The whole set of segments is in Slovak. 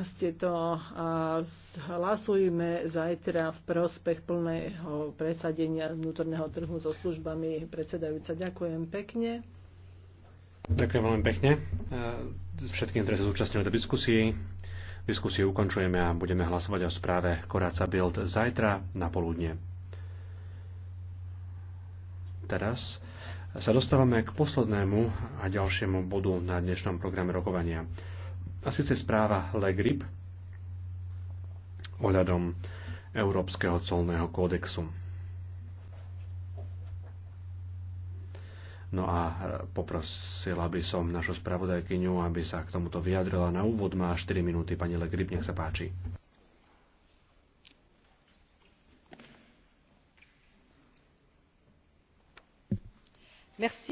ste to a hlasujme zajtra v prospech plného presadenia vnútorného trhu so službami predsedajúca. Ďakujem pekne. Ďakujem veľmi pekne e, všetkým, ktorí sa zúčastnili do diskusii. Diskusiu ukončujeme a budeme hlasovať o správe Koráca Build zajtra na poludne. Teraz sa dostávame k poslednému a ďalšiemu bodu na dnešnom programe rokovania a síce správa Legrip ohľadom Európskeho colného kódexu. No a poprosila by som našu spravodajkyňu, aby sa k tomuto vyjadrila. Na úvod má 4 minúty. Pani Legrip, nech sa páči.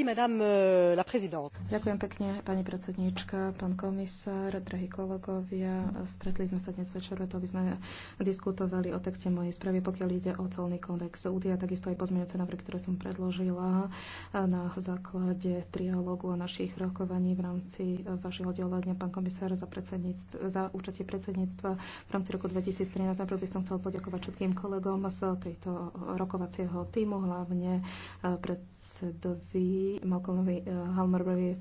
madame euh, la présidente. Ďakujem pekne, pani predsedníčka, pán komisár, drahí kolegovia. Stretli sme sa dnes večer, to by sme diskutovali o texte mojej správy, pokiaľ ide o colný kódex údia, takisto aj pozmeňujúce návrhy, ktoré som predložila na základe trialógu a našich rokovaní v rámci vašeho oddelenia, pán komisár, za, za účastie predsedníctva v rámci roku 2013. Najprv by som chcel poďakovať všetkým kolegom z tejto rokovacieho týmu, hlavne predsedovi Harberovi, Malcolmovi eh, Halmorbovi, eh,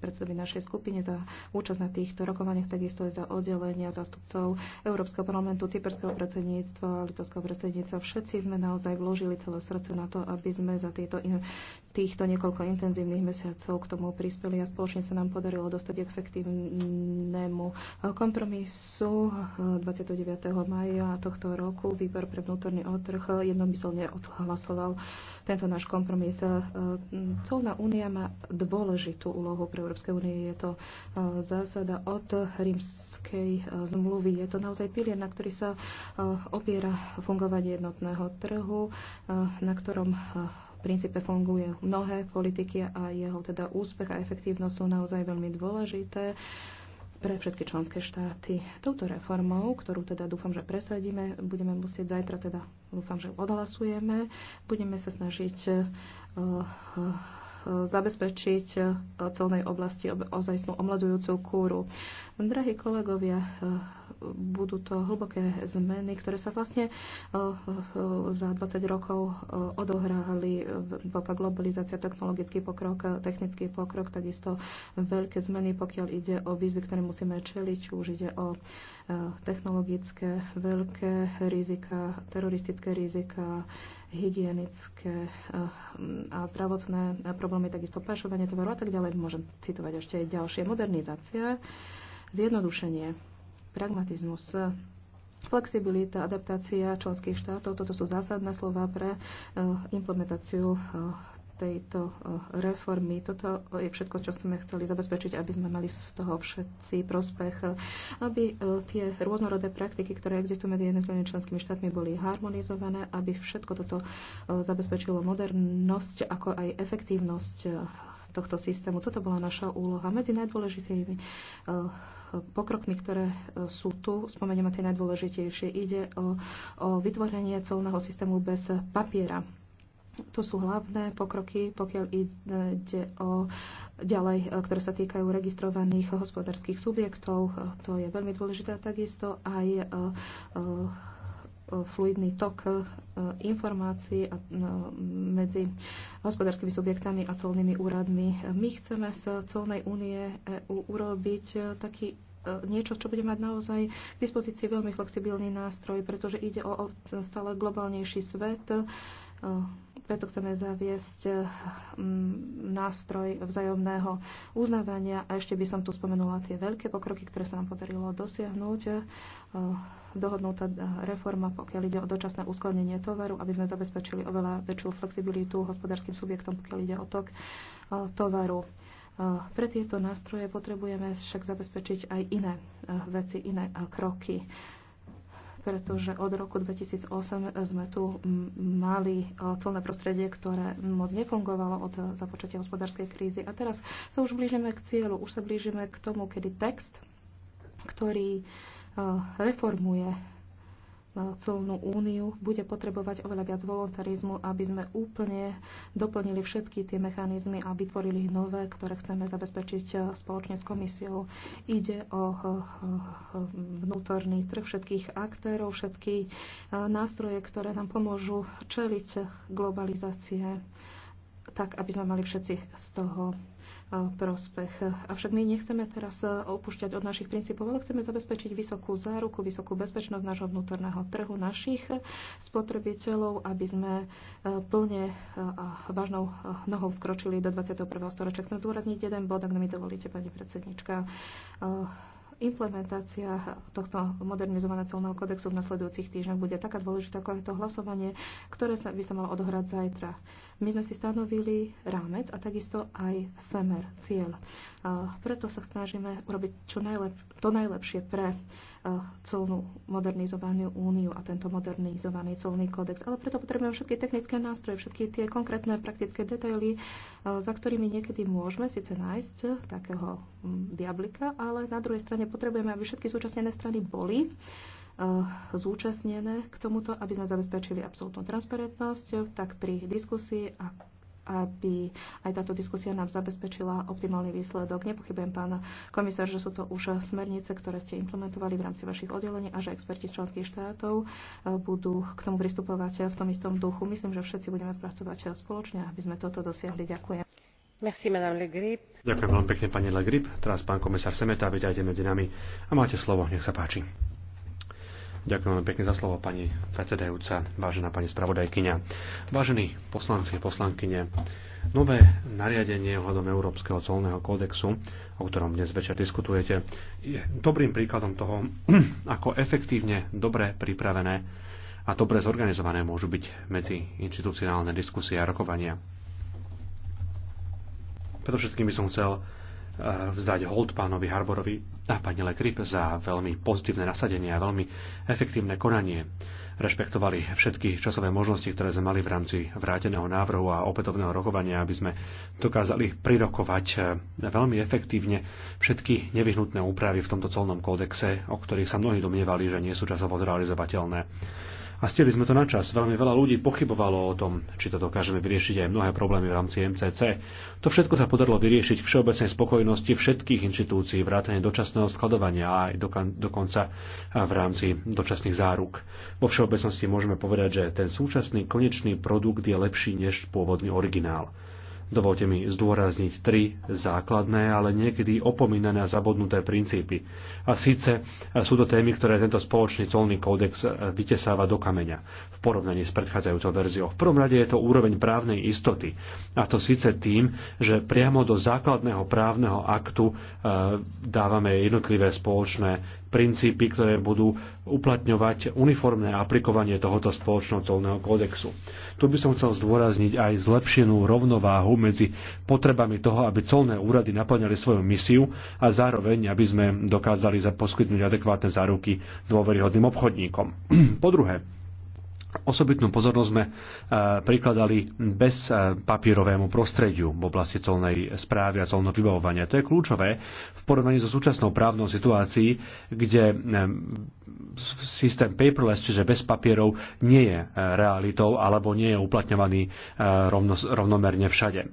predsedovi našej skupine za účasť na týchto rokovaniach, takisto aj za oddelenia zástupcov Európskeho parlamentu, Cyperského predsedníctva, Litovského predsedníctva. Všetci sme naozaj vložili celé srdce na to, aby sme za tieto, týchto niekoľko intenzívnych mesiacov k tomu prispeli a spoločne sa nám podarilo dostať k efektívnemu eh, kompromisu 29. maja tohto roku. Výbor pre vnútorný odtrh jednomyselne odhlasoval tento náš kompromis. E, e, colná únia má dôležitú úlohu pre Európskej únie. Je to e, zásada od rímskej zmluvy. Je to naozaj pilier, na ktorý sa opiera fungovanie jednotného trhu, na ktorom v princípe funguje mnohé politiky a jeho teda úspech a efektívnosť sú naozaj veľmi dôležité pre všetky členské štáty. Touto reformou, ktorú teda dúfam, že presadíme, budeme musieť zajtra teda dúfam, že odhlasujeme, budeme sa snažiť eh, eh, zabezpečiť v eh, celnej oblasti ozajstnú omladujúcu kúru. Drahí kolegovia, eh, budú to hlboké zmeny, ktoré sa vlastne eh, za 20 rokov odohrali veľká globalizácia, technologický pokrok, technický pokrok, takisto veľké zmeny, pokiaľ ide o výzvy, ktoré musíme čeliť, či už ide o technologické veľké rizika, teroristické rizika, hygienické eh, a zdravotné problémy, takisto pašovanie tovaru a tak ďalej. Môžem citovať ešte aj ďalšie. Modernizácia, zjednodušenie, pragmatizmus, flexibilita, adaptácia členských štátov. Toto sú zásadné slova pre eh, implementáciu eh, tejto eh, reformy. Toto je všetko, čo sme chceli zabezpečiť, aby sme mali z toho všetci prospech, eh, aby eh, tie rôznorodé praktiky, ktoré existujú medzi jednotlivými členskými štátmi, boli harmonizované, aby všetko toto zabezpečilo modernosť ako aj efektívnosť tohto systému. Toto bola naša úloha. Medzi najdôležitými pokrokmi, ktoré sú tu, spomenieme tie najdôležitejšie, ide o, o vytvorenie celného systému bez papiera. To sú hlavné pokroky, pokiaľ ide o ďalej, e, ktoré sa týkajú registrovaných hospodárskych subjektov. To je veľmi dôležité takisto aj e, e, fluidný tok informácií medzi hospodárskymi subjektami a colnými úradmi. My chceme z colnej únie EU urobiť taký niečo, čo bude mať naozaj k dispozícii veľmi flexibilný nástroj, pretože ide o stále globálnejší svet Eh, preto chceme zaviesť eh, nástroj vzájomného uznávania a ešte by som tu spomenula tie veľké pokroky, ktoré sa nám podarilo dosiahnuť. Eh, dohodnutá reforma, pokiaľ ide o dočasné uskladnenie tovaru, aby sme zabezpečili oveľa väčšiu flexibilitu hospodárskym subjektom, pokiaľ ide o tok tovaru. Pre tieto nástroje potrebujeme však zabezpečiť aj iné veci, iné kroky pretože od roku 2008 sme tu mali e, colné prostredie, ktoré moc nefungovalo od e, započatia hospodárskej krízy. A teraz sa už blížime k cieľu, už sa blížime k tomu, kedy text, ktorý e, reformuje celnú úniu, bude potrebovať oveľa viac voluntarizmu, aby sme úplne doplnili všetky tie mechanizmy a vytvorili ich nové, ktoré chceme zabezpečiť eh, spoločne s komisiou. Ide o eh, eh, vnútorný trh všetkých aktérov, všetky nástroje, ktoré nám pomôžu čeliť globalizácie tak, aby sme mali všetci z toho prospech. Avšak my nechceme teraz e, opúšťať od našich princípov, ale chceme zabezpečiť vysokú záruku, vysokú bezpečnosť nášho vnútorného trhu, našich spotrebiteľov, aby sme e, plne e, a vážnou nohou vkročili do 21. storočia. Chcem zdôrazniť jeden bod, ak mi dovolíte, pani predsednička implementácia tohto modernizovaného celného kodexu v nasledujúcich týždňoch bude taká dôležitá, ako je to hlasovanie, ktoré sa, by sa malo odohrať zajtra. My sme si stanovili rámec a takisto aj semer, cieľ. Preto sa snažíme urobiť čo najlep- to najlepšie pre Eh, colnú modernizovanú úniu a tento modernizovaný colný kódex. Ale preto potrebujeme všetky technické nástroje, všetky tie konkrétne praktické detaily, eh, za ktorými niekedy môžeme síce nájsť eh, takého mm, diablika, ale na druhej strane potrebujeme, aby všetky súčasnené strany boli zúčastnené k tomuto, aby sme zabezpečili absolútnu transparentnosť, tak pri diskusii, ako aby aj táto diskusia nám zabezpečila optimálny výsledok. Nepochybujem, pán komisár, že sú to už smernice, ktoré ste implementovali v rámci vašich oddelení a že experti z členských štátov e, budú k tomu pristupovať v tom istom duchu. Myslím, že všetci budeme pracovať spoločne, aby sme toto dosiahli. Ďakujem. Merci, madame Le Grip. Ďakujem veľmi pekne, pani Le Grip. Teraz pán komisár Semeta, vyťajte medzi nami a máte slovo. Nech sa páči. Ďakujem veľmi pekne za slovo, pani predsedajúca, vážená pani spravodajkyňa. Vážení poslanci, a poslankyne, nové nariadenie ohľadom Európskeho colného kódexu, o ktorom dnes večer diskutujete, je dobrým príkladom toho, ako efektívne, dobre pripravené a dobre zorganizované môžu byť medzi inštitucionálne diskusie a rokovania. Preto všetkým by som chcel vzdať hold pánovi Harborovi a pani Krip za veľmi pozitívne nasadenie a veľmi efektívne konanie. Rešpektovali všetky časové možnosti, ktoré sme mali v rámci vráteného návrhu a opätovného rokovania, aby sme dokázali prirokovať eh, veľmi efektívne všetky nevyhnutné úpravy v tomto colnom kódexe, o ktorých sa mnohí domnievali, že nie sú časovo zrealizovateľné. A stihli sme to na čas. Veľmi veľa ľudí pochybovalo o tom, či to dokážeme vyriešiť aj mnohé problémy v rámci MCC. To všetko sa podarilo vyriešiť v všeobecnej spokojnosti všetkých inštitúcií, vrátane dočasného skladovania a aj dokonca v rámci dočasných záruk. Vo všeobecnosti môžeme povedať, že ten súčasný konečný produkt je lepší než pôvodný originál. Dovolte mi zdôrazniť tri základné, ale niekedy opomínané a zabudnuté princípy. A síce sú to témy, ktoré tento spoločný colný kódex e, vytesáva do kameňa v porovnaní s predchádzajúcou verziou. V prvom rade je to úroveň právnej istoty. A to síce tým, že priamo do základného právneho aktu e, dávame jednotlivé spoločné princípy, ktoré budú uplatňovať uniformné aplikovanie tohoto spoločného colného kódexu. Tu by som chcel zdôrazniť aj zlepšenú rovnováhu medzi potrebami toho, aby colné úrady naplňali svoju misiu a zároveň, aby sme dokázali poskytnúť adekvátne záruky dôveryhodným obchodníkom. po druhé, Osobitnú pozornosť sme e, prikladali bez e, papírovému prostrediu v oblasti colnej správy a colného vybavovania. To je kľúčové v porovnaní so súčasnou právnou situácií, kde e, systém paperless, čiže bez papierov, nie je realitou alebo nie je uplatňovaný rovno, rovnomerne všade.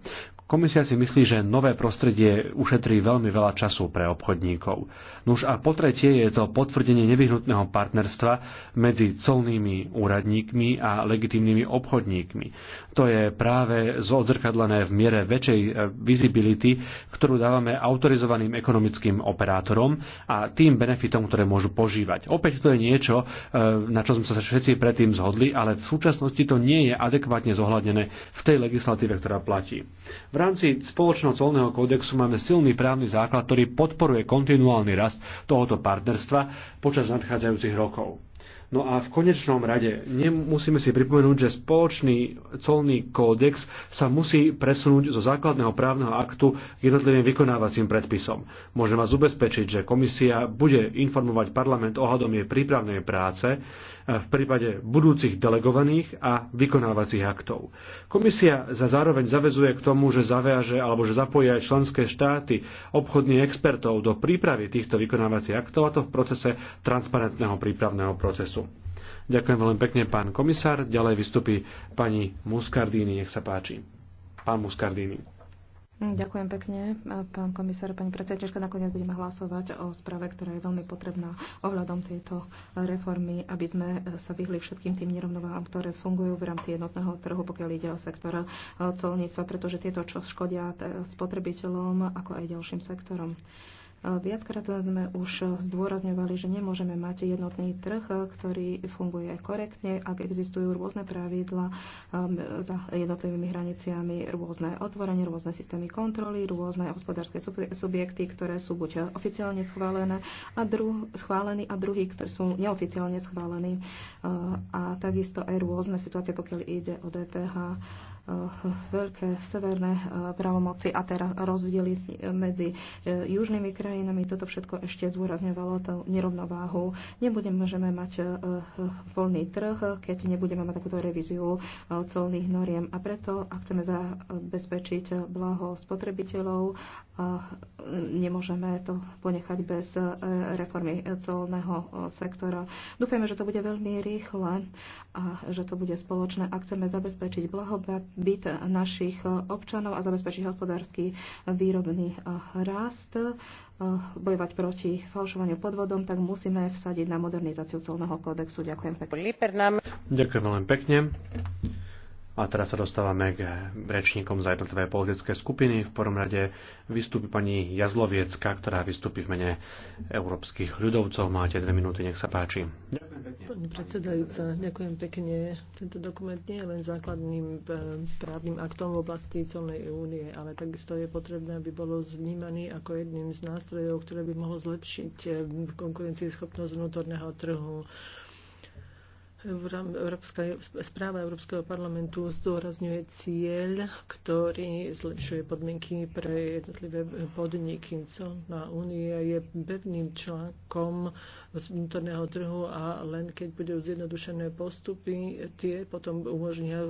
Komisia si myslí, že nové prostredie ušetrí veľmi veľa času pre obchodníkov. Nuž a po tretie je to potvrdenie nevyhnutného partnerstva medzi colnými úradníkmi a legitímnymi obchodníkmi. To je práve zodrkadlené v miere väčšej e, visibility, ktorú dávame autorizovaným ekonomickým operátorom a tým benefitom, ktoré môžu požívať. Opäť to je niečo, e, na čo sme sa všetci predtým zhodli, ale v súčasnosti to nie je adekvátne zohľadnené v tej legislatíve, ktorá platí. V rámci spoločného colného kódexu máme silný právny základ, ktorý podporuje kontinuálny rast tohoto partnerstva počas nadchádzajúcich rokov. No a v konečnom rade musíme si pripomenúť, že spoločný colný kódex sa musí presunúť zo základného právneho aktu k jednotlivým vykonávacím predpisom. Môžem vás ubezpečiť, že komisia bude informovať parlament ohľadom jej prípravnej práce v prípade budúcich delegovaných a vykonávacích aktov. Komisia za zároveň zavezuje k tomu, že zaviaže alebo že zapojí aj členské štáty obchodných expertov do prípravy týchto vykonávacích aktov a to v procese transparentného prípravného procesu. Ďakujem veľmi pekne, pán komisár. Ďalej vystupí pani Muscardini. Nech sa páči. Pán Muscardini. Hm, ďakujem pekne, pán komisár, pani predsednička. Nakoniec budeme hlasovať o správe, ktorá je veľmi potrebná ohľadom tejto reformy, aby sme sa vyhli všetkým tým nerovnováhám, ktoré fungujú v rámci jednotného trhu, pokiaľ ide o sektor colníctva, pretože tieto čo škodia spotrebiteľom, ako aj ďalším sektorom. Viackrát sme už zdôrazňovali, že nemôžeme mať jednotný trh, ktorý funguje korektne, ak existujú rôzne pravidla um, za jednotlivými hraniciami, rôzne otvorenie, rôzne systémy kontroly, rôzne hospodárske subjekty, ktoré sú buď oficiálne schválené a dru- schválení a druhí, ktorí sú neoficiálne schválení. Uh, a takisto aj rôzne situácie, pokiaľ ide o DPH Eh, veľké severné eh, právomoci a teraz rozdiely medzi eh, južnými krajinami. Toto všetko ešte zúrazňovalo tú nerovnováhu. Nebudeme mať voľný trh, keď nebudeme mať takúto revíziu colných noriem. A preto, ak chceme zabezpečiť blaho spotrebiteľov, nemôžeme to ponechať bez reformy colného sektora. Dúfajme, že to bude veľmi rýchle a že to bude spoločné. Ak chceme zabezpečiť blahobyt byt našich občanov a zabezpečiť hospodársky výrobný eh, rast, eh, bojovať proti falšovaniu podvodom, tak musíme vsadiť na modernizáciu colného kódexu. Ďakujem pekne. Ďakujem veľmi pekne. A teraz sa dostávame k rečníkom za jednotlivé politické skupiny. V prvom rade vystúpi pani Jazloviecka, ktorá vystúpi v mene európskych ľudovcov. Máte dve minúty, nech sa páči. Pani predsedajúca, ďakujem pekne. Tento dokument nie je len základným e, právnym aktom v oblasti celnej únie, ale takisto je potrebné, aby bolo vnímaný ako jedným z nástrojov, ktoré by mohlo zlepšiť e, konkurencieschopnosť vnútorného trhu Európska správa Európskeho parlamentu zdôrazňuje cieľ, ktorý zlepšuje podmienky pre jednotlivé podniky. Celná únia je pevným článkom vnútorného trhu a len keď budú zjednodušené postupy, tie potom umožnia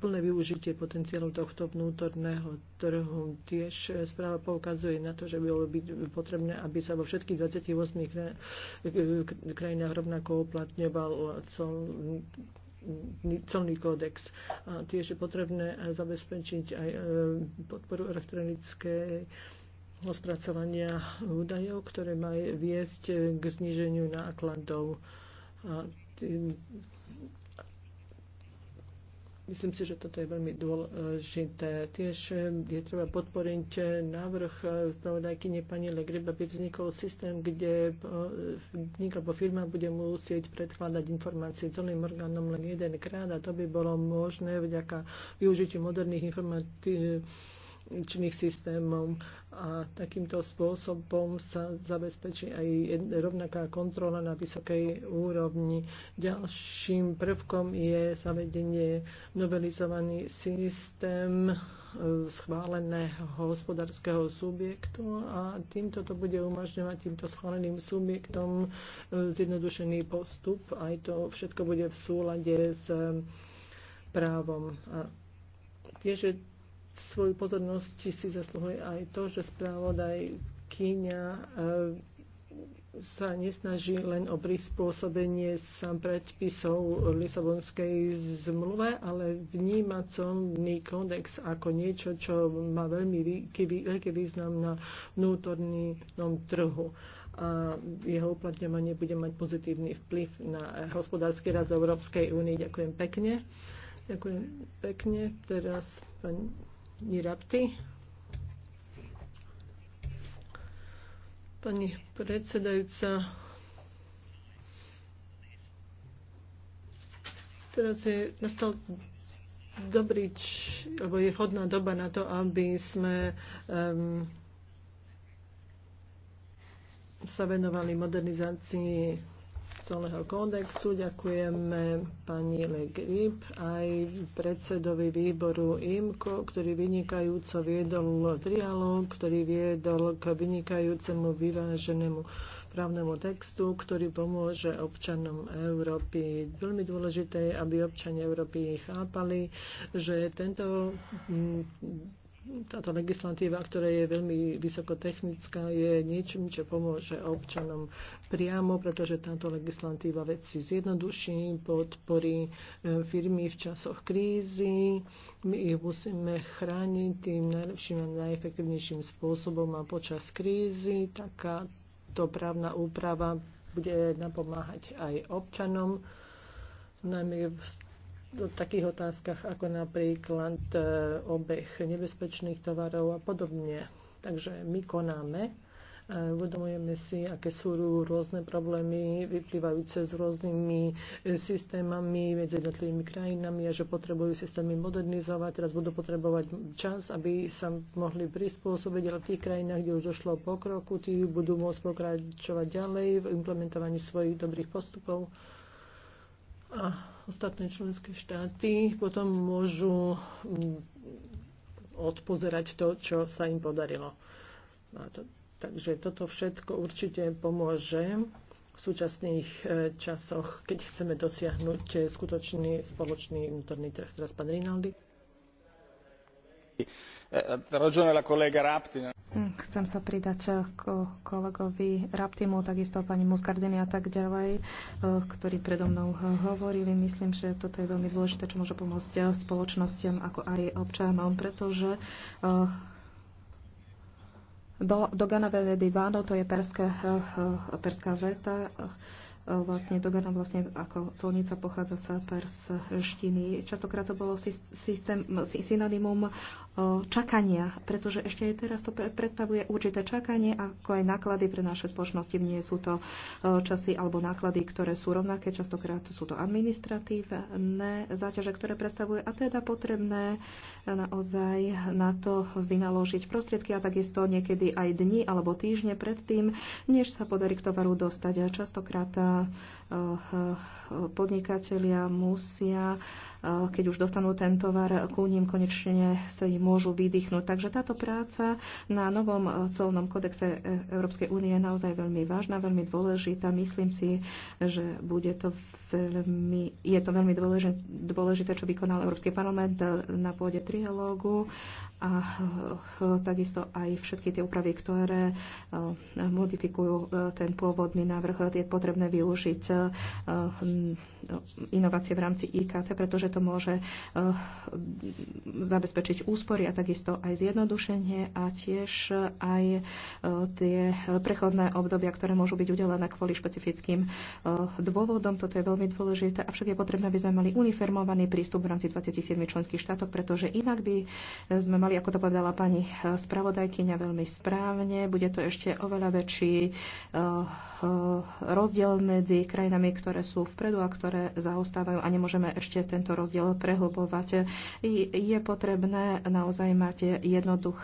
plné využitie potenciálu tohto vnútorného ktorého tiež správa poukazuje na to, že bolo byť potrebné, aby sa vo všetkých 28 krajinách rovnako uplatňoval celný kódex. A tiež je potrebné zabezpečiť aj e, podporu elektronické spracovania údajov, ktoré majú viesť k zniženiu nákladov. A tým, Myslím si, že toto je veľmi dôležité. Tiež eh, je treba podporiť eh, návrh eh, spravodajkyne pani Legrib, aby vznikol systém, kde podnik alebo firma bude musieť predkladať informácie celým orgánom len jedenkrát a to by bolo možné vďaka využitiu moderných informácií činných systémom a takýmto spôsobom sa zabezpečí aj rovnaká kontrola na vysokej úrovni. Ďalším prvkom je zavedenie novelizovaný systém e, schváleného hospodárskeho subjektu a týmto to bude umožňovať týmto schváleným subjektom e, zjednodušený postup. Aj to všetko bude v súlade s e, právom. A tiež je svoju pozornosť si zasluhuje aj to, že správodaj Kíňa eh, sa nesnaží len o prispôsobenie sám predpisov Lisabonskej zmluve, ale vníma colný kódex ako niečo, čo má veľmi veľký význam na vnútornom trhu a jeho uplatňovanie bude mať pozitívny vplyv na hospodársky rast Európskej únie. Ďakujem pekne. Ďakujem pekne. Teraz pani Rapti. Pani predsedajúca, teraz je nastal dobrý, č, alebo je vhodná doba na to, aby sme um, sa venovali modernizácii colného kódexu. Ďakujeme pani Le Grip, aj predsedovi výboru IMKO, ktorý vynikajúco viedol trialóg, ktorý viedol k vynikajúcemu vyváženému právnemu textu, ktorý pomôže občanom Európy. Veľmi dôležité je, aby občania Európy chápali, že tento táto legislatíva, ktorá je veľmi vysokotechnická, je niečím, čo pomôže občanom priamo, pretože táto legislatíva veci zjednoduší, podporí e, firmy v časoch krízy. My ich musíme chrániť tým najlepším a najefektívnejším spôsobom a počas krízy takáto právna úprava bude napomáhať aj občanom, najmä v v takých otázkach ako napríklad e, obeh nebezpečných tovarov a podobne. Takže my konáme, e, uvedomujeme si, aké sú rôzne problémy vyplývajúce s rôznymi e, systémami medzi jednotlivými krajinami a že potrebujú systémy modernizovať. Teraz budú potrebovať čas, aby sa mohli prispôsobiť, ale v tých krajinách, kde už došlo pokroku, tí budú môcť pokračovať ďalej v implementovaní svojich dobrých postupov a ostatné členské štáty potom môžu mm, odpozerať to, čo sa im podarilo. A to, takže toto všetko určite pomôže v súčasných e, časoch, keď chceme dosiahnuť e, skutočný spoločný vnútorný trh. Teraz pán Rinaldi. Eh, no? mm, chcem sa pridať eh, k kolegovi Raptimu, takisto pani Muscardini a tak ďalej, eh, ktorí predo mnou hovorili. Myslím, že toto je veľmi dôležité, čo môže pomôcť spoločnostiam ako aj občanom, pretože do, do Gana Váno, to je perská, perská veta, vlastne Dogana vlastne ako colnica pochádza sa štiny. Častokrát to bolo systém, synonymum e, čakania, pretože ešte aj teraz to predstavuje určité čakanie, ako aj náklady pre naše spoločnosti. Nie sú to e, časy alebo náklady, ktoré sú rovnaké, častokrát sú to administratívne záťaže, ktoré predstavuje a teda potrebné naozaj na to vynaložiť prostriedky a takisto niekedy aj dni alebo týždne predtým, než sa podarí k tovaru dostať. Častokrát Eh, podnikatelia musia, eh, keď už dostanú ten tovar ku ním, konečne sa im môžu vydýchnuť. Takže táto práca na novom eh, colnom kodexe Európskej únie je naozaj veľmi vážna, veľmi dôležitá. Myslím si, že bude to veľmi, je to veľmi dôležité, dôležité čo vykonal Európsky parlament na pôde trialógu a takisto aj všetky tie úpravy, ktoré e, modifikujú e, ten pôvodný návrh, je potrebné využiť e, inovácie v rámci IKT, pretože to môže eh, zabezpečiť úspory a takisto aj zjednodušenie a tiež aj eh, tie prechodné obdobia, ktoré môžu byť udelené kvôli špecifickým eh, dôvodom. Toto je veľmi dôležité, avšak je potrebné, aby sme mali uniformovaný prístup v rámci 27 členských štátov, pretože inak by sme mali, ako to povedala pani spravodajkyňa veľmi správne, bude to ešte oveľa väčší rozdiel medzi krajinami, ktoré sú vpredu a ktoré ktoré zaostávajú a nemôžeme ešte tento rozdiel prehlbovať. Je potrebné naozaj mať jednoduché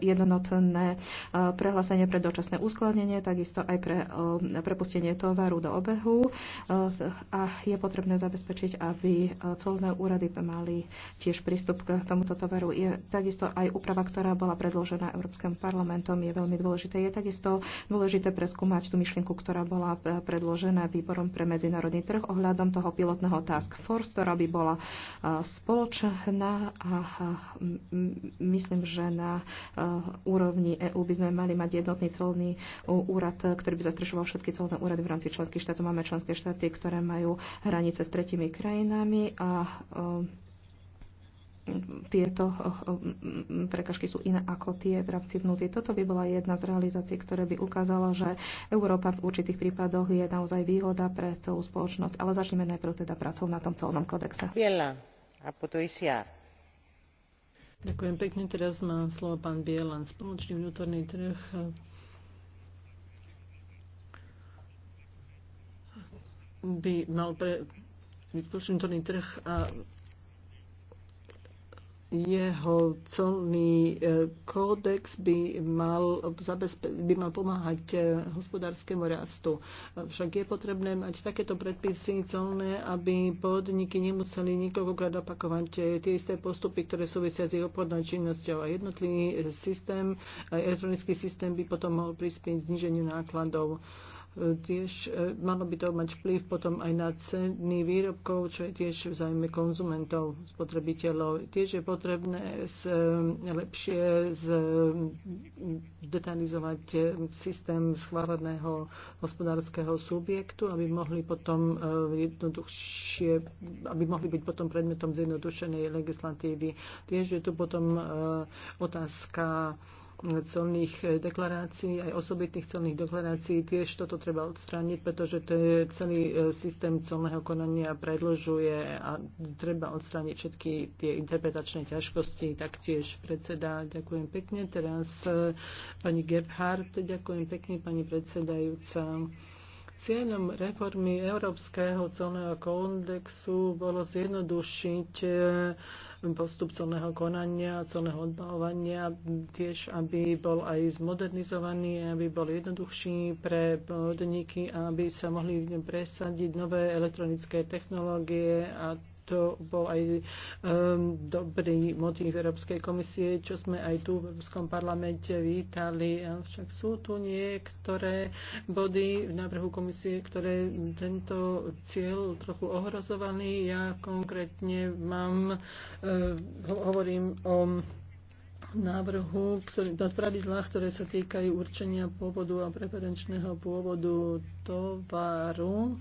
jednotné eh, prehlásenie pre dočasné uskladnenie, takisto aj pre eh, prepustenie tovaru do obehu eh, a je potrebné zabezpečiť, aby colné úrady mali tiež prístup k tomuto tovaru. Je takisto aj úprava, ktorá bola predložená Európskym parlamentom, je veľmi dôležité. Je takisto dôležité preskúmať tú myšlienku, ktorá bola predložená výborom pre medzinárodný trh ohľadom toho pilotného task force, ktorá by bola spoločná a myslím, že na Eh, úrovni EÚ by sme mali mať jednotný colný eh, úrad, ktorý by zastrešoval všetky colné úrady v rámci členských štátov. Máme členské štáty, ktoré majú hranice s tretimi krajinami a eh, tieto prekažky sú iné ako tie v rámci vnútri. Toto by bola jedna z realizácií, ktoré by ukázala, že Európa v určitých prípadoch je naozaj výhoda pre celú spoločnosť. Ale začneme najprv teda pracov na tom celnom kodexe. Biela, a potom ICR. Ďakujem pekne. Teraz má slovo pán Bielan. Spoločný vnútorný trh by mal pre vnútorný trh a jeho colný e, kódex by mal, by mal pomáhať e, hospodárskému rastu. Však je potrebné mať takéto predpisy colné, aby podniky nemuseli niekoľkokrát opakovať e, tie isté postupy, ktoré súvisia s ich obchodnou činnosťou. A jednotlivý systém, elektronický systém by potom mohol prispieť zniženiu nákladov tiež e, malo by to mať vplyv potom aj na ceny výrobkov, čo je tiež v zájme konzumentov, spotrebiteľov. Tiež je potrebné z, e, lepšie z, detalizovať e, systém schváleného hospodárskeho subjektu, aby mohli potom jednoduchšie, aby mohli byť potom predmetom zjednodušenej legislatívy. Tiež je tu potom otázka colných eh, deklarácií, aj osobitných celných deklarácií. Tiež toto treba odstrániť, pretože to je celý eh, systém colného konania predlžuje a treba odstrániť všetky tie interpretačné ťažkosti. Taktiež predseda, ďakujem pekne. Teraz eh, pani Gebhardt, ďakujem pekne pani predsedajúca. Cieľom reformy Európskeho colného kódexu bolo zjednodušiť postup celného konania, celného odbahovania, tiež aby bol aj zmodernizovaný, aby bol jednoduchší pre podniky, aby sa mohli presadiť nové elektronické technológie a to bol aj um, dobrý motív Európskej komisie, čo sme aj tu v Európskom parlamente vítali. Avšak sú tu niektoré body v návrhu komisie, ktoré tento cieľ trochu ohrozovaný. Ja konkrétne mám, uh, hovorím o návrhu, ktorý, na pravidlá, ktoré sa týkajú určenia pôvodu a preferenčného pôvodu tovaru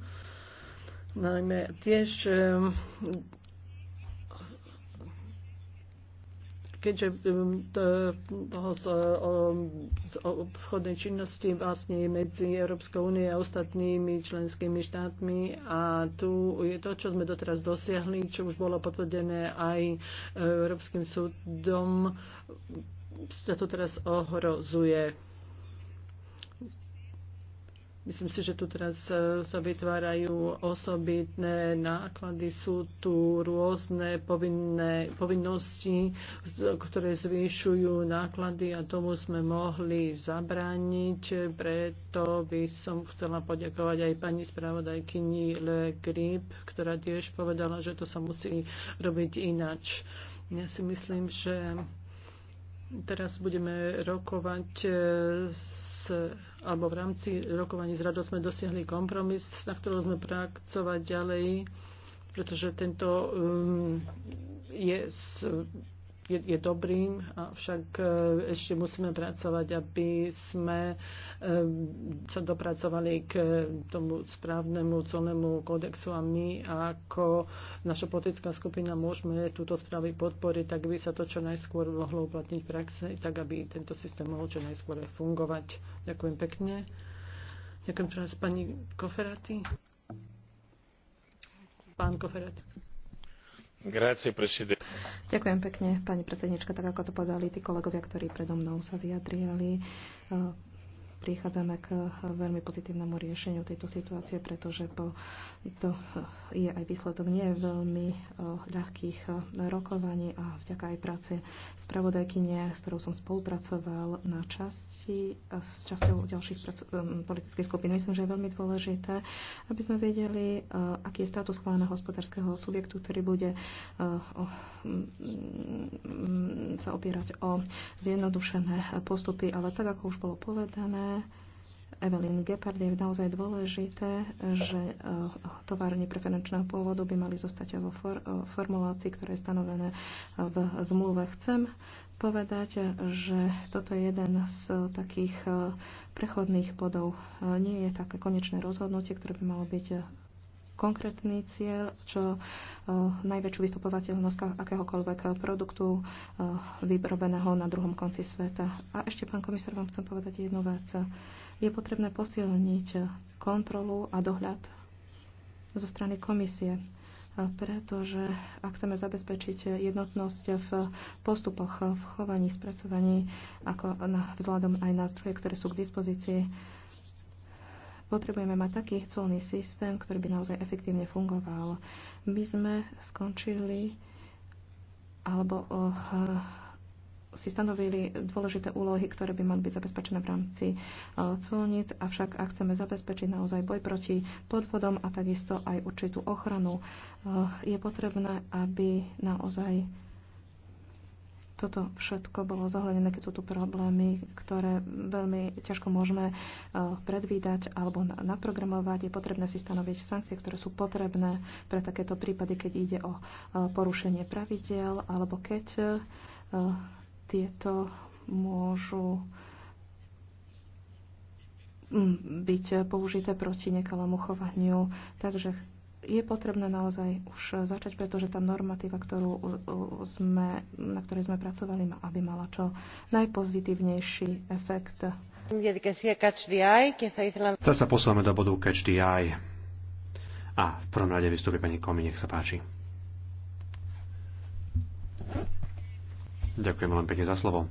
najmä tiež keďže toho z, o, z obchodnej činnosti vlastne medzi Európskou únie a ostatnými členskými štátmi a tu je to, čo sme doteraz dosiahli, čo už bolo potvrdené aj Európskym súdom, sa to teraz ohrozuje. Myslím si, že tu teraz e, sa vytvárajú osobitné náklady, sú tu rôzne povinné, povinnosti, ktoré zvýšujú náklady a tomu sme mohli zabrániť. Preto by som chcela poďakovať aj pani spravodajkyni Le Grip, ktorá tiež povedala, že to sa musí robiť inač. Ja si myslím, že teraz budeme rokovať e, s s, alebo v rámci rokovaní s radou sme dosiahli kompromis, na ktorom sme pracovať ďalej, pretože tento um, je s, je, je dobrým, avšak e, ešte musíme pracovať, aby sme e, sa dopracovali k e, tomu správnemu celnému kódexu a my ako naša politická skupina môžeme túto správy podporiť, tak by sa to čo najskôr mohlo uplatniť v praxe, tak aby tento systém mohol čo najskôr fungovať. Ďakujem pekne. Ďakujem teraz pani Koferati. Pán Koferati. Ďakujem pekne, pani predsednička, tak ako to povedali tí kolegovia, ktorí predo mnou sa vyjadrili prichádzame k eh, veľmi pozitívnemu riešeniu tejto situácie, pretože po, to eh, je aj výsledok nie veľmi eh, ľahkých rokovaní a vďaka aj práce spravodajkyne, s ktorou som spolupracoval na časti a s časťou ďalších politických skupín. Myslím, že je veľmi dôležité, aby sme vedeli, aký je status chváleného hospodárskeho subjektu, ktorý bude mm, mm, sa opierať o zjednodušené postupy, ale tak, ako už bolo povedané, Evelyn Gepard je naozaj dôležité, že eh, továrne preferenčného pôvodu by mali zostať vo for, eh, formulácii, ktoré je stanovené eh, v zmluve. Chcem povedať, že toto je jeden z takých prechodných bodov. Nie je také konečné rozhodnutie, ktoré by malo byť konkrétny cieľ, čo e, najväčšiu vystupovateľnosť akéhokoľvek produktu e, vyrobeného na druhom konci sveta. A ešte, pán komisár, vám chcem povedať jednu vec. Je potrebné posilniť kontrolu a dohľad zo strany komisie pretože ak chceme zabezpečiť jednotnosť v postupoch, v chovaní, spracovaní, ako na, vzhľadom aj zdroje, ktoré sú k dispozícii, Potrebujeme mať taký colný systém, ktorý by naozaj efektívne fungoval. My sme skončili alebo uh, si stanovili dôležité úlohy, ktoré by mali byť zabezpečené v rámci eh, colníc, avšak ak chceme zabezpečiť naozaj boj proti podvodom a takisto aj určitú ochranu, eh, je potrebné, aby naozaj toto všetko bolo zohľadené, keď sú tu problémy, ktoré veľmi ťažko môžeme e, predvídať alebo naprogramovať. Je potrebné si stanoviť sankcie, ktoré sú potrebné pre takéto prípady, keď ide o e, porušenie pravidel alebo keď e, tieto môžu mm, byť použité proti nekalému chovaniu. Takže je potrebné naozaj už začať, pretože tá normatíva, ktorú sme, na ktorej sme pracovali, aby mala čo najpozitívnejší efekt. Teraz sa posúvame do bodu Catch the Eye. A v prvom rade vystúpi pani Komi, nech sa páči. Ďakujem veľmi pekne za slovo.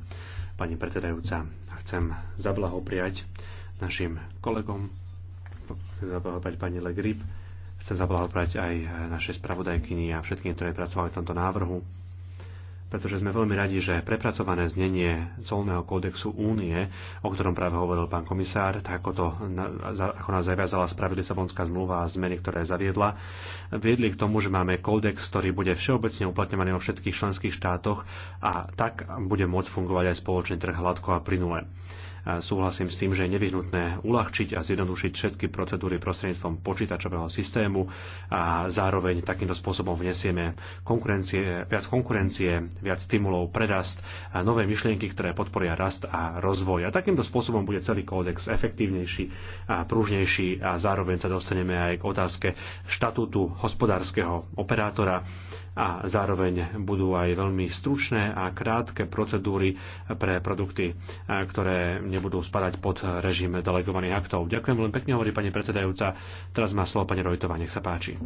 Pani predsedajúca, chcem zablahopriať našim kolegom, zablahopriať pani Legrip, Chcem zablahopraviť aj našej spravodajkyni a všetkým, ktorí pracovali v tomto návrhu, pretože sme veľmi radi, že prepracované znenie colného kódexu únie, o ktorom práve hovoril pán komisár, tak ako, to, ako nás zaviazala spraviť Lisabonská zmluva a zmeny, ktoré zaviedla, viedli k tomu, že máme kódex, ktorý bude všeobecne uplatňovaný vo všetkých členských štátoch a tak bude môcť fungovať aj spoločný trh hladko a plynule. Súhlasím s tým, že je nevyhnutné uľahčiť a zjednodušiť všetky procedúry prostredníctvom počítačového systému a zároveň takýmto spôsobom vnesieme konkurencie, viac konkurencie, viac stimulov pre rast, a nové myšlienky, ktoré podporia rast a rozvoj. A takýmto spôsobom bude celý kódex efektívnejší a pružnejší a zároveň sa dostaneme aj k otázke štatútu hospodárskeho operátora a zároveň budú aj veľmi stručné a krátke procedúry pre produkty, ktoré nebudú spadať pod režim delegovaných aktov. Ďakujem veľmi pekne, hovorí pani predsedajúca. Teraz má slovo pani Rojtová, nech sa páči.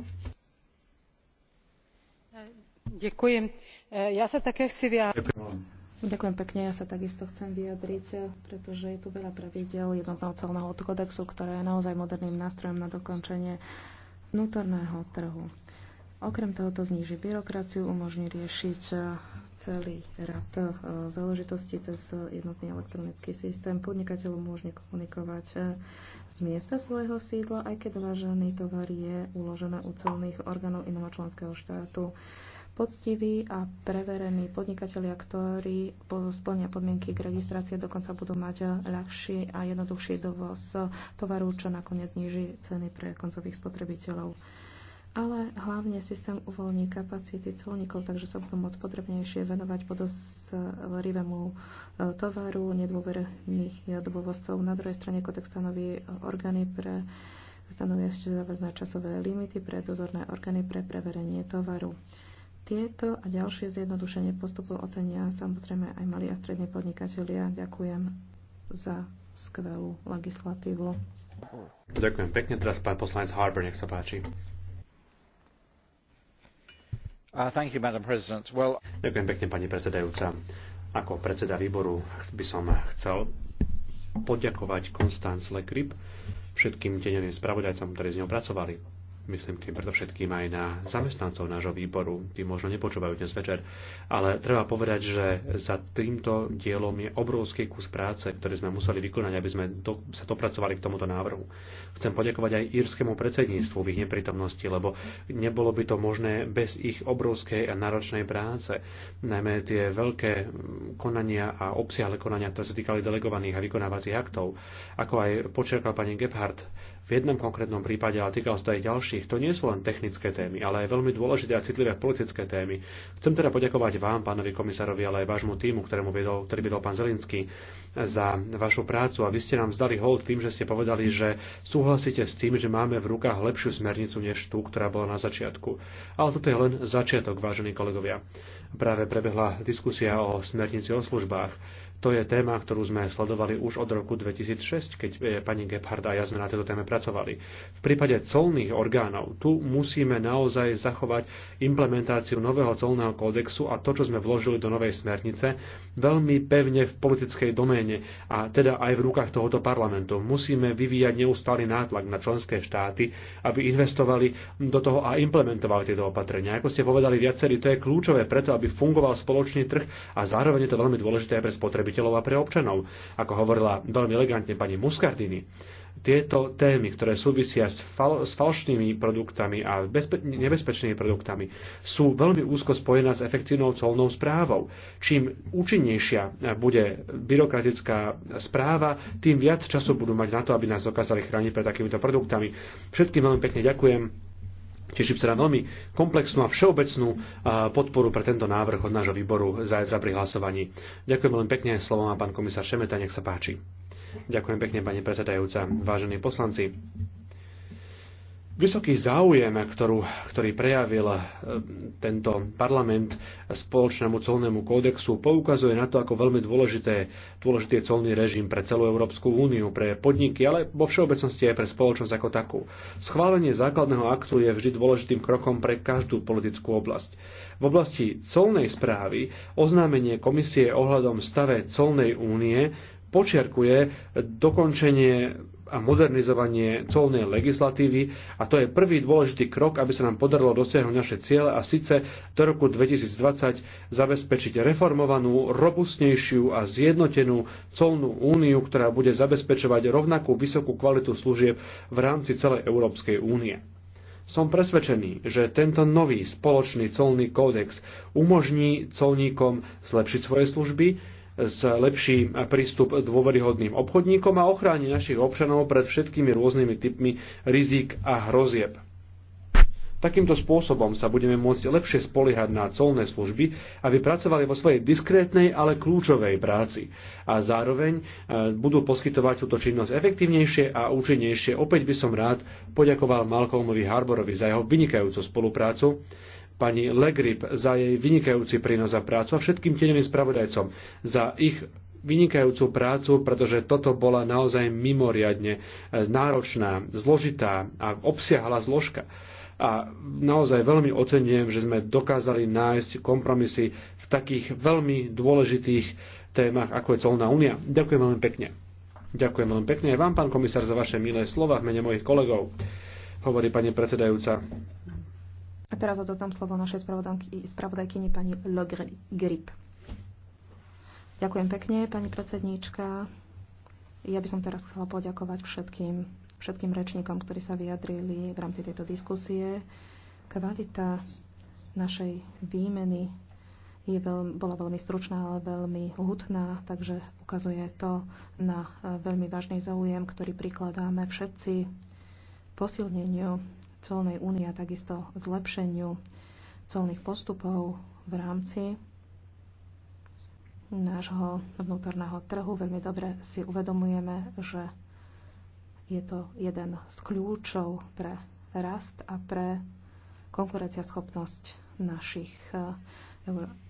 Ďakujem. Ja sa také chci vyjadriť. Ďakujem. Ďakujem pekne, ja sa takisto chcem vyjadriť, pretože je tu veľa pravidel jednotného od kodexu, ktoré je naozaj moderným nástrojom na dokončenie vnútorného trhu. Okrem toho to zníži byrokraciu, umožní riešiť celý rad eh, záležitostí cez eh, jednotný elektronický systém. Podnikateľ môže komunikovať eh, z miesta svojho sídla, aj keď vážený tovar je uložené u celných orgánov iného členského štátu. Poctiví a preverení podnikatelia, ktorí splnia podmienky k registrácie, dokonca budú mať ľahší a jednoduchší dovoz tovaru, čo nakoniec zniží ceny pre koncových spotrebiteľov ale hlavne systém uvoľní kapacity colníkov, takže sa budú môcť podrobnejšie venovať podozrivému e, tovaru nedôverných dôvozcov. Na druhej strane kodex stanoví orgány pre stanovia záväzné časové limity pre dozorné orgány pre preverenie tovaru. Tieto a ďalšie zjednodušenie postupov ocenia samozrejme aj malí a strední podnikatelia. Ďakujem za skvelú legislatívu. Ďakujem pekne. Teraz pán poslanec Harper, nech sa páči. Uh, Ďakujem pekne, pani predsedajúca. Ako predseda výboru by som chcel poďakovať Le Lekrip, všetkým teneným spravodajcom, ktorí s ňou pracovali myslím tým predovšetkým aj na zamestnancov nášho výboru, tí možno nepočúvajú dnes večer, ale treba povedať, že za týmto dielom je obrovský kus práce, ktorý sme museli vykonať, aby sme do, sa dopracovali k tomuto návrhu. Chcem poďakovať aj írskému predsedníctvu v ich neprítomnosti, lebo nebolo by to možné bez ich obrovskej a náročnej práce. Najmä tie veľké konania a obsiahle konania, ktoré sa týkali delegovaných a vykonávacích aktov, ako aj počerkal pani Gebhardt v jednom konkrétnom prípade, ale týkal sa to aj ďalších najslabších. To nie sú len technické témy, ale aj veľmi dôležité a citlivé politické témy. Chcem teda poďakovať vám, pánovi komisárovi, ale aj vášmu týmu, ktorému vedol, ktorý vedol pán Zelinský, za vašu prácu. A vy ste nám zdali hold tým, že ste povedali, že súhlasíte s tým, že máme v rukách lepšiu smernicu než tú, ktorá bola na začiatku. Ale toto je len začiatok, vážení kolegovia. Práve prebehla diskusia o smernici o službách to je téma, ktorú sme sledovali už od roku 2006, keď e, pani Gebhardt a ja sme na tejto téme pracovali. V prípade colných orgánov tu musíme naozaj zachovať implementáciu nového colného kódexu a to, čo sme vložili do novej smernice, veľmi pevne v politickej doméne a teda aj v rukách tohoto parlamentu. Musíme vyvíjať neustály nátlak na členské štáty, aby investovali do toho a implementovali tieto opatrenia. Ako ste povedali viacerí, to je kľúčové preto, aby fungoval spoločný trh a zároveň je to veľmi dôležité aj pre spotrebiteľov spotrebiteľov a pre občanov. Ako hovorila veľmi elegantne pani Muscardini, tieto témy, ktoré súvisia s, fal- s falšnými produktami a bezpe- nebezpečnými produktami, sú veľmi úzko spojená s efektívnou colnou správou. Čím účinnejšia bude byrokratická správa, tým viac času budú mať na to, aby nás dokázali chrániť pred takýmito produktami. Všetkým veľmi pekne ďakujem Teším sa na veľmi komplexnú a všeobecnú podporu pre tento návrh od nášho výboru zajtra pri hlasovaní. Ďakujem veľmi pekne, slovo má pán komisár Šemeta, nech sa páči. Ďakujem pekne, pani predsedajúca, vážení poslanci. Vysoký záujem, ktorú, ktorý prejavil eh, tento parlament spoločnému colnému kódexu, poukazuje na to, ako veľmi dôležité, dôležitý je colný režim pre celú Európsku úniu, pre podniky, ale vo všeobecnosti aj pre spoločnosť ako takú. Schválenie základného aktu je vždy dôležitým krokom pre každú politickú oblasť. V oblasti colnej správy oznámenie komisie ohľadom stave colnej únie počiarkuje dokončenie a modernizovanie colnej legislatívy a to je prvý dôležitý krok, aby sa nám podarilo dosiahnuť naše ciele a síce do roku 2020 zabezpečiť reformovanú, robustnejšiu a zjednotenú colnú úniu, ktorá bude zabezpečovať rovnakú vysokú kvalitu služieb v rámci celej Európskej únie. Som presvedčený, že tento nový spoločný colný kódex umožní colníkom zlepšiť svoje služby, zlepší prístup dôveryhodným obchodníkom a ochráni našich občanov pred všetkými rôznymi typmi rizik a hrozieb. Takýmto spôsobom sa budeme môcť lepšie spoliehať na colné služby, aby pracovali vo svojej diskrétnej, ale kľúčovej práci. A zároveň e, budú poskytovať túto činnosť efektívnejšie a účinnejšie. Opäť by som rád poďakoval Malcolmovi Harborovi za jeho vynikajúcu spoluprácu pani Legrip za jej vynikajúci prínos a prácu a všetkým tieňovým spravodajcom za ich vynikajúcu prácu, pretože toto bola naozaj mimoriadne e, náročná, zložitá a obsiahla zložka. A naozaj veľmi ocenujem, že sme dokázali nájsť kompromisy v takých veľmi dôležitých témach, ako je colná únia. Ďakujem veľmi pekne. Ďakujem veľmi pekne aj vám, pán komisár, za vaše milé slova v mene mojich kolegov, hovorí pani predsedajúca. Teraz odozdám slovo našej spravodajkyni pani Le Grip. Ďakujem pekne, pani predsedníčka. Ja by som teraz chcela poďakovať všetkým, všetkým rečníkom, ktorí sa vyjadrili v rámci tejto diskusie. Kvalita našej výmeny je veľ, bola veľmi stručná, ale veľmi hutná, takže ukazuje to na veľmi vážny záujem, ktorý prikladáme všetci posilneniu colnej únie a takisto zlepšeniu colných postupov v rámci nášho vnútorného trhu. Veľmi dobre si uvedomujeme, že je to jeden z kľúčov pre rast a pre konkurenciaschopnosť našich e,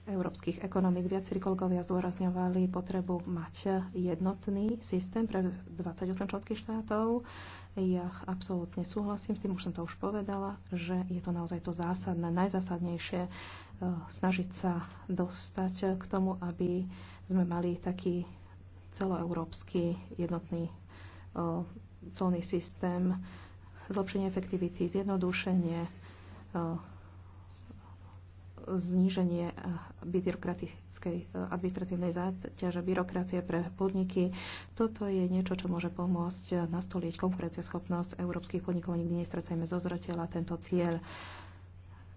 európskych ekonomik. Viacerí kolegovia zdôrazňovali potrebu mať jednotný systém pre 28 členských štátov, ja absolútne súhlasím s tým, už som to už povedala, že je to naozaj to zásadné, najzásadnejšie e, snažiť sa dostať k tomu, aby sme mali taký celoeurópsky jednotný e, colný systém, zlepšenie efektivity, zjednodušenie e, zníženie eh, byrokratickej eh, administratívnej záťaže, byrokracie pre podniky. Toto je niečo, čo môže pomôcť eh, nastoliť konkurencieschopnosť európskych podnikov. Nikdy nestracajme zo zreteľa tento cieľ.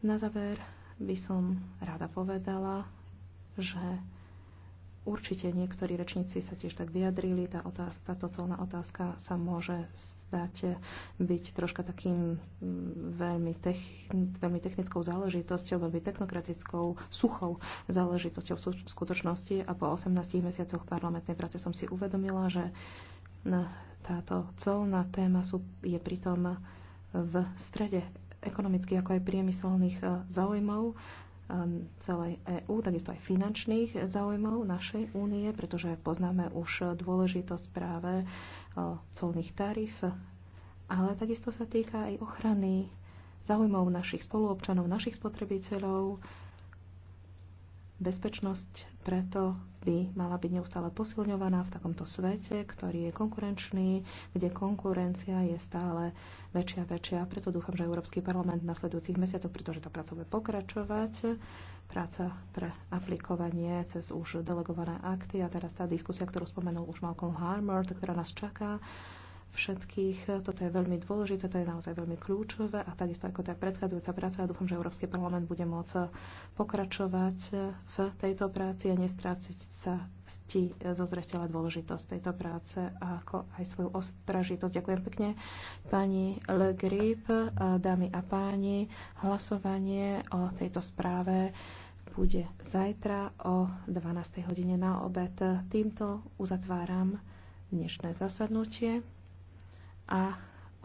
Na záver by som rada povedala, že Určite niektorí rečníci sa tiež tak vyjadrili. Tá otázka, táto celná otázka sa môže stať byť troška takým mm, veľmi, techn, veľmi technickou záležitosťou, veľmi technokratickou, suchou záležitosťou v skutočnosti. A po 18 mesiacoch parlamentnej práce som si uvedomila, že mm, táto colná téma sú, je pritom v strede ekonomických ako aj priemyselných e, záujmov Um, celej EÚ, takisto aj finančných záujmov našej únie, pretože poznáme už dôležitosť práve uh, colných tarif, ale takisto sa týka aj ochrany záujmov našich spoluobčanov, našich spotrebiteľov, Bezpečnosť preto by mala byť neustále posilňovaná v takomto svete, ktorý je konkurenčný, kde konkurencia je stále väčšia a väčšia. Preto dúfam, že Európsky parlament v nasledujúcich mesiacoch, pretože tá práca bude pokračovať, práca pre aplikovanie cez už delegované akty a teraz tá diskusia, ktorú spomenul už Malcolm Harmer, ktorá nás čaká, všetkých. Toto je veľmi dôležité, to je naozaj veľmi kľúčové a takisto ako tá predchádzajúca práca. Ja dúfam, že Európsky parlament bude môcť pokračovať v tejto práci a nestráciť sa sti, zo zreteľa dôležitosť tejto práce a ako aj svoju ostražitosť. Ďakujem pekne. Pani Le Grip, dámy a páni, hlasovanie o tejto správe bude zajtra o 12. hodine na obed. Týmto uzatváram dnešné zasadnutie a